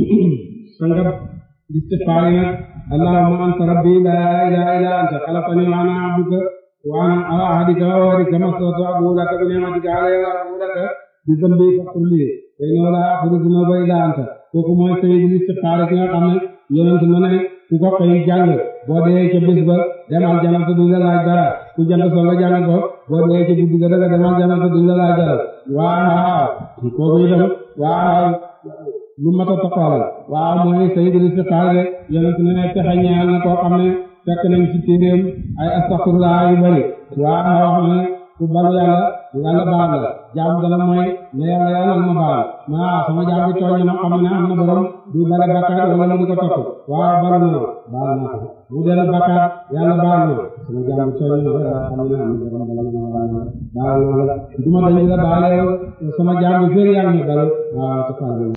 संगत istighfarina allahumma anta rabbi la ilaha illa anta khalaqtani wa ana 'abduka wa ana ala ahdika wa wa'dika mastata abu laka bi ni'matika alayya wa abu laka bi dhanbi faghfir li fa innahu la yaghfiru dhunuba illa anta kooku mooy tey di istighfar ki nga xam ne yonent ma ne ku ko koy jàng boo dee ca bis ba demal jànn te duñ la laaj dara ku jant so nga jàng ko boo dee ca guddi ga daga demal jànn te duñ la laaj dara waaw kooku itam waaw lu mat a toqalal waaw mooy sayyidul istighfar rek yonent ne texe ñeel na koo xam ne fekk nañ ci téeréem ay astaghfirullah yu bari waaw nga wax ne ku balu yàlla baal la jaamu dala mooy ne yàlla yàlla ma baal maa sama jaam bi tooñ na xam ne am na borom du bale bakkaar wala mu di ko topp waaw balu na baal naa ko mu del bakkaar yàlla baal na sama jaam bi tooñ na yàlla xam ne am na borom bala ma baal na baal naa la duma dañ la baale sama jaam bi féer yàlla ma balu waaw